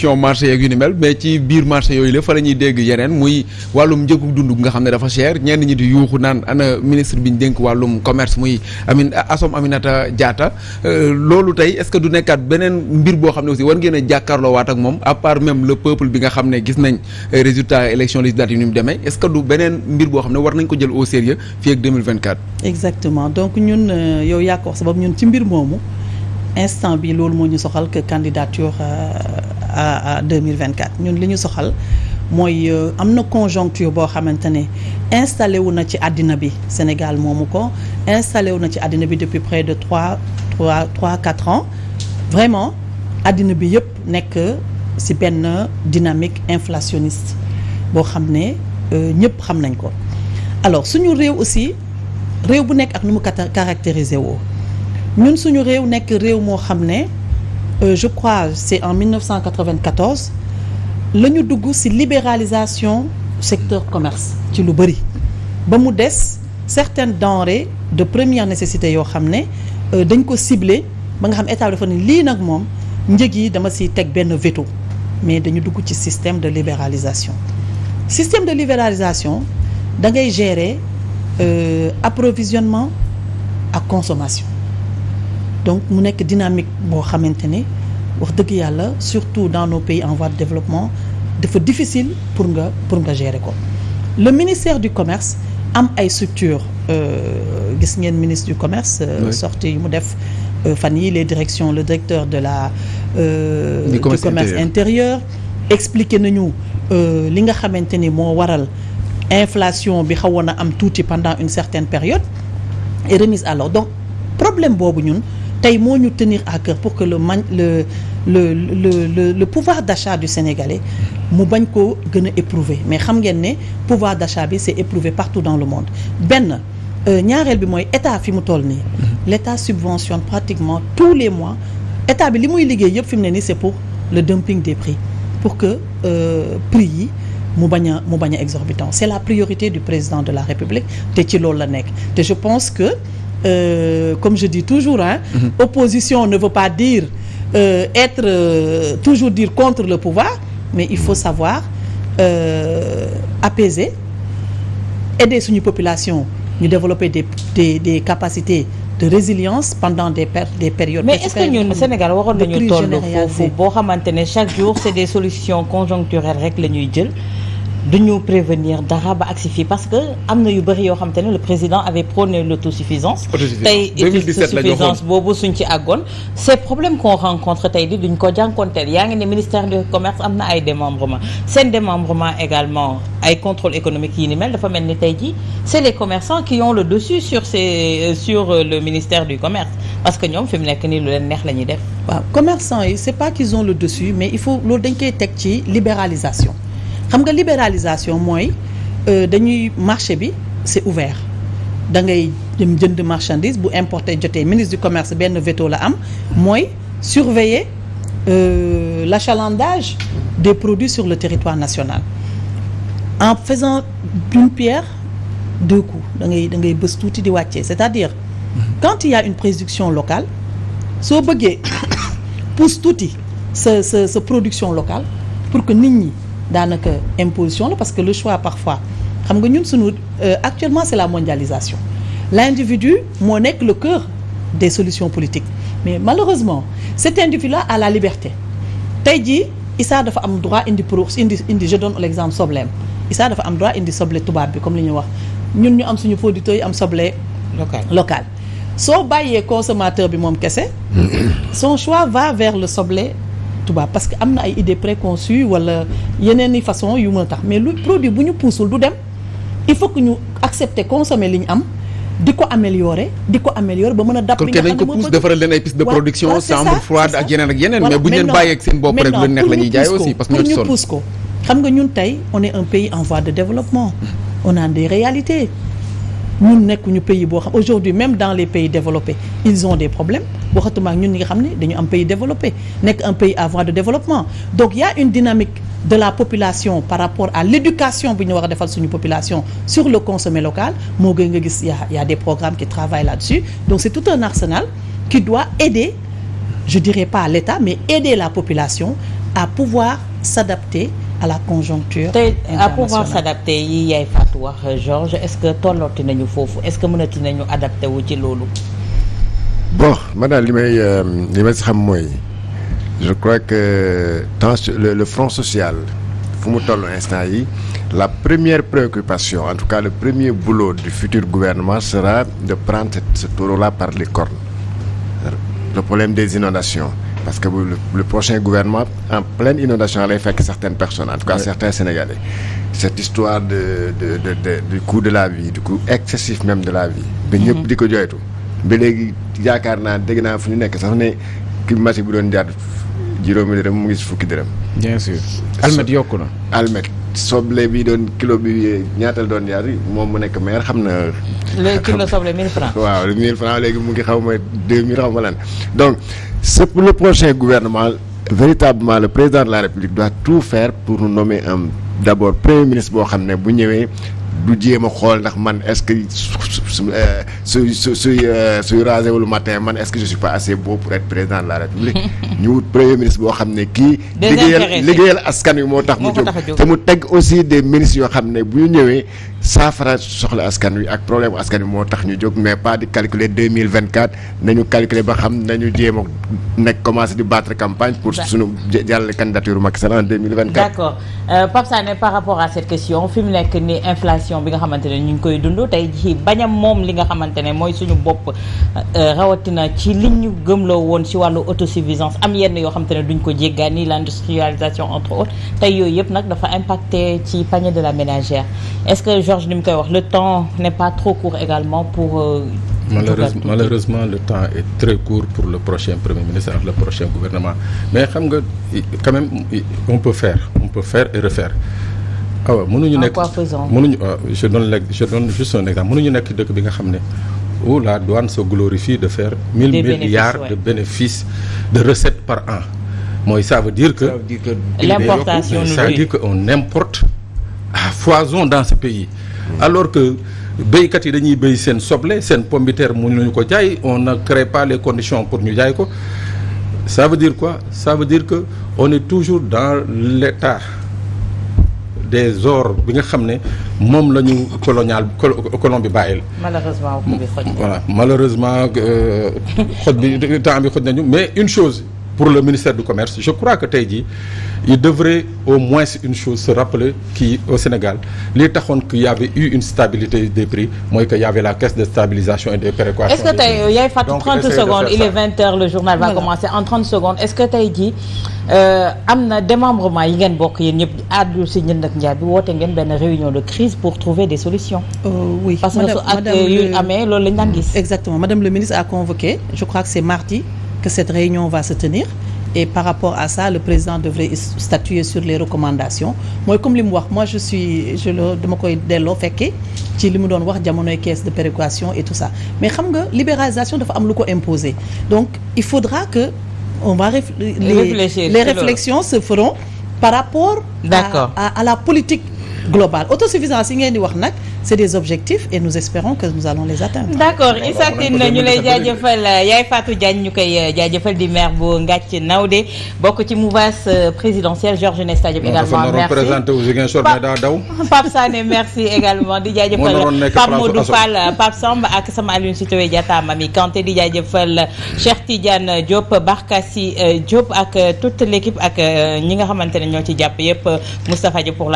restriction marché yeeg yu ni mel mais ci biir marché yooyu la fa la ñuy dégg yeneen muy wàllum njëgu dund nga xam ne dafa cher ñenn ñi di yuuxu naan ana ministre bi ñu wàllum commerce muy amin asom Aminata Diatta euh, loolu tey est que du nekkaat beneen mbir boo xam ne aussi war ngeen euh, du beneen mbir boo xam ne war nañ ko jël au sérieux fii ak donc ñun euh, yow yaa wax sabab ñun ci mbir moomu instant bi loolu moo ñu soxal que candidature à deux mille vingt quatre ñun li ñu soxal mooy euh, am na conjoncture boo xamante ne installé wu na ci àddina bi Sénégal moomu ko installé wu na ci àddina bi depuis près de trois trois trois quatre ans vraiment àddina bi yëpp nekk ci benn dynamique inflationniste boo xam ne euh, ñëpp xam nañ ko alors suñu réew aussi réew bu nekk ak nu mu caractériser woo ñun suñu réew nekk réew moo xam ne. euh, je crois c'est en 1994 la ñu dugg ci libéralisation secteur commerce ci lu bëri ba mu des certaines denrées de première nécessité yoo xam ne euh, dañ ko ciblé ba nga xam état bi dafa ne lii nag moom njëg yi dama ciy teg benn veto mais dañu dugg ci système de libéralisation système de libéralisation da ngay gérer euh, approvisionnement ak consomation donc mu nekk dynamique boo xamante ni wax dëgg yàlla surtout dans nos pays en voie de développement dafa difficile pour nga pour nga gérer ko le ministère du commerce am ay structures euh, gis ngeen ministre du commerce euh, sorti yi mu def euh, fan yi les direction le directeur de la euh, du commerce, du commerce intérieur expliqué nañu li nga xamante ni moo waral inflation bi xawoon a am tuuti pendant une certaine période et remise à donc problème boobu ñun tey moo ñu tenir à cœur pour que le man le le le le le pouvoir d'achat du sénégalais mu bañ ko gën a éprouvé mais xam ngeen ne pouvoir d'achat bi c'est éprouvé partout dans le monde benn euh, ñaareel bi mooy état fi mu toll nii l'état subventionne pratiquement tous les mois état bi li muy liggéey yëpp fi mu ne nii c'est pour le dumping des prix pour que euh, prix yi mu bañ a mu bañ a exorbitant c'est la priorité du président de la République te ci loolu la nekk te je pense que euh, comme je dis toujours hein mm -hmm. opposition ne veut pas dire euh, être euh, toujours dire contre le pouvoir mais il faut mhm. savoir euh, apaiser aider suñu population ñu développer des, des des capacités de résilience pendant des per des périodes. mais est-ce que ñun Sénégal waroon nañu toll foofu boo xamante ne chaque jour c'est des solutions conjoncturelles rek la ñuy jël. duñu prévenir dara ba agsi fii parce que am na yu bëri yoo xam ne le président avait prôné l'autosuffisance tey autosuffisance boobu suñ ci àggoon ces problèmes qu'on rencontre tey di duñ ko jànkonteel yaa ngi ne ministère du commerce am na ay démembrement seen démembrement également ay contrôle économique yi ni mel dafa mel ni tey jii c'est les commerçants qui ont le dessus sur euh, le ministère du commerce parce que ñoom fi mu nekk nii lu leen neex la ñuy def waaw commerçants yi c'est pas qu'ils ont le dessus dañ koy teg ci libéralisation xam nga libéralisation mooy euh, dañuy marché bi c'est ouvert da ngay dem jënd marchandise bu importé jotee ministre du commerce benn veto la am mooy surveiller la euh, l'achalandage des produits sur le territoire national en faisant d'une pierre deux coups da ngay da ngay bës tuuti di wàccee c'est-à-dire quand il y a une production locale soo bëggee pousse tuuti sa sa sa production locale pour que nit ñi daanaka imposition la parce que le choix parfois xam nga ñun suñu euh, actuellement c'est la mondialisation l'individu moo nekk le cœur des solutions politiques mais malheureusement cet individu-là à la liberté tey jii Issa dafa am droit indi pro indi indi je donne l'exemple sobleem Issa dafa am droit indi soble tubaab bi comme li ñu wax ñun ñu am suñu producteurs yi am soble local local soo bàyyee consommateur bi moom kese son choix va vers le soble tubaab parce que am na ay idées préconçues wala yeneen i façon yu mën tax mais lu produit bu ñu puusul du dem il faut que ñu accepter consommer li ñu am di ko améliorer di ko améliorer ba mën a dab li nga xam ne ko pousse defaral leen ay piste de production chambre froide ak yeneen ak yeneen mais bu ñu ñu pousse nga ñun tey on un pays en voie de développement mm-hmm. on a des réalités ñun nekkuñu pays boo xam aujourd'hui même dans les pays développés ils ont des problèmes waxatuma ak ñun ñi nga xam ne dañu am pays développé nekk un pays à voie de développement donc y a une dynamique de la population par rapport à l'éducation bi ñu war a defal suñu population sur le consommer local moo gën nga gis y a des programmes qui travaillent là-dessus donc c'est tout un arsenal qui doit aider je dirais pas l'État mais aider la population à pouvoir s'adapter à la conjoncture tey à pouvoir s'adapter yi yaay Fatou wax Georges est-ce que tollooti nañu foofu est-ce que mënati nañu adapté wu ci loolu bon man daal li may euh, li may si xam mooy je crois que tant le, le front social fu mu toll instant yi la première préoccupation en tout cas le premier boulot du futur gouvernement sera de prendre ce taureau-là par les cornes le problème des inondations parce que le, le prochain gouvernement en pleine inondation lay fekk certaines personnes en tout cas oui. certains Sénégalais cette histoire de de de, de du coût de la vie du coût excessif même de la vie ba ñëpp mm-hmm. di ko joytu bi léegi yaakaar naa dégg naa fu ñu nekk sax ne climatique bu doon jaar juróomi dërëm mu ngi si fukki dërëm. bien sûr almet yokku na. almet soble bi doon kilo bi ñaatal doon jaar yi moom mu nekk maire xam na. léegi kilo soble 1000 francs. waaw 1000 francs léegi mu ngi xaw ma 2000 xaw ma laan donc sëpp pour le prochain gouvernement véritablement le président de la République doit tout fair pour nous nommer un d'abord premier ministre boo xam ne bu ñëwee. du jéem xool ndax man est-ce que su su suy euh, suy rasé matin man est-ce que je suis pas assez beau pour être président de la république. ñu wut premier ministre boo xam ne kii. liggéeyal liggéeyal askan wi moo tax mu jóg te mu teg aussi des ministres yoo xam ne bu ñu ñëwee saafara soxla askan wi ak problème askan wi moo tax ñu jóg mais pas di calculer deux mille vingt quatre nañu calculer ba xam nañu jéem a nekk commencé di battre campagne pour suñu jàll candidature Macky Sall en deux mille vingt quatre. d'accord euh, Pape situation bi nga xamante ne ñu ngi koy dund tey ci bañam moom li nga xamante ne mooy suñu bopp euh, rawatina ci li ñu gëm loo woon si wàllu autosuffisance am yenn yoo xamante ne duñ ko jéggaani l'industrialisation entre autres tey yooyu yëpp dafa impacté ci panier de la ménagère est-ce que Georges ni mu koy wax le temps n'est pas trop court également pour euh, Malheureusement, malheureusement le temps est très court pour le prochain premier le prochain gouvernement mais xam nga quand même on peut faire on peut faire et refaire ah waaw mënuñu nekk en quoi faisant mënuñu euh, je donne l' je donne juste un nekk dëkk bi nga xam ne où la douane se glorifie de faire. mille milliards de bénéfices de recettes par an. mooy ça veut dire que. ça veut dire que l'importation ça veut dire que on importe foison dans ce pays. Hmm. alors que béykat yi dañuy béy seen soble seen pomme de terre mënuñu ko jaay on ne crée pas les conditions pour ñu jaay ko sa veut dire quoi ça veut dire que on est toujours dans l'état des ors bi nga xam ne moom la ñu colonial colon bi bàyyil. malheureusement xoj voilà malheureusement euh, xoj bi temps bi xoj nañu mais une chose. pour le ministère du commerce je crois que tey jii il devrait au moins une chose se rappeler kii au Sénégal li taxoon qu'il y avait eu une stabilité des prix mooy que y la caisse de stabilisation et de péréquation. est-ce que tey secondes le journal va commencer en secondes est-ce que tey jii euh, am na démembrement yi ngeen bokk yéen ñëpp àddu si ñun ak njaay bi woote ngeen benn réunion de crise pour trouver des solutions. Euh, oui parce que le ministre a convoqué que cette réunion va se tenir et par rapport à ça le président devrait statuer sur les recommandations mooy comme li mu wax moi je suis je le dama koy delloo fekkee ci li mu doon wax jamonoy caisse de péréquation et tout ça mais xam nga libéralisation dafa am lu ko imposer donc il faudra que on va les, les réflexions se feront par rapport à, à, à la politique global autosuffisance yi ngeen di wax nag c'est des objectifs et nous espérons que nous allons les atteindre. d'accord Issa Tine ñu lay jaajëfal euh, yaay Fatou Diagne ñu koy euh, jaajëfal di maire bu Ngathie Naoudé bokk ci mouvance euh, présidentielle Georges Nesta Diop également merci Pape Sané merci également di jaajëfal Pape Modou Fall Pape Samb ak sama Alioune Sitoé Diatta Mami Kanté di jaajëfal Cheikh Tidiane Diop Barkassi Diop ak toute l'équipe ak ñi nga xamante ne ñoo ci jàpp yëpp Moustapha Diop pour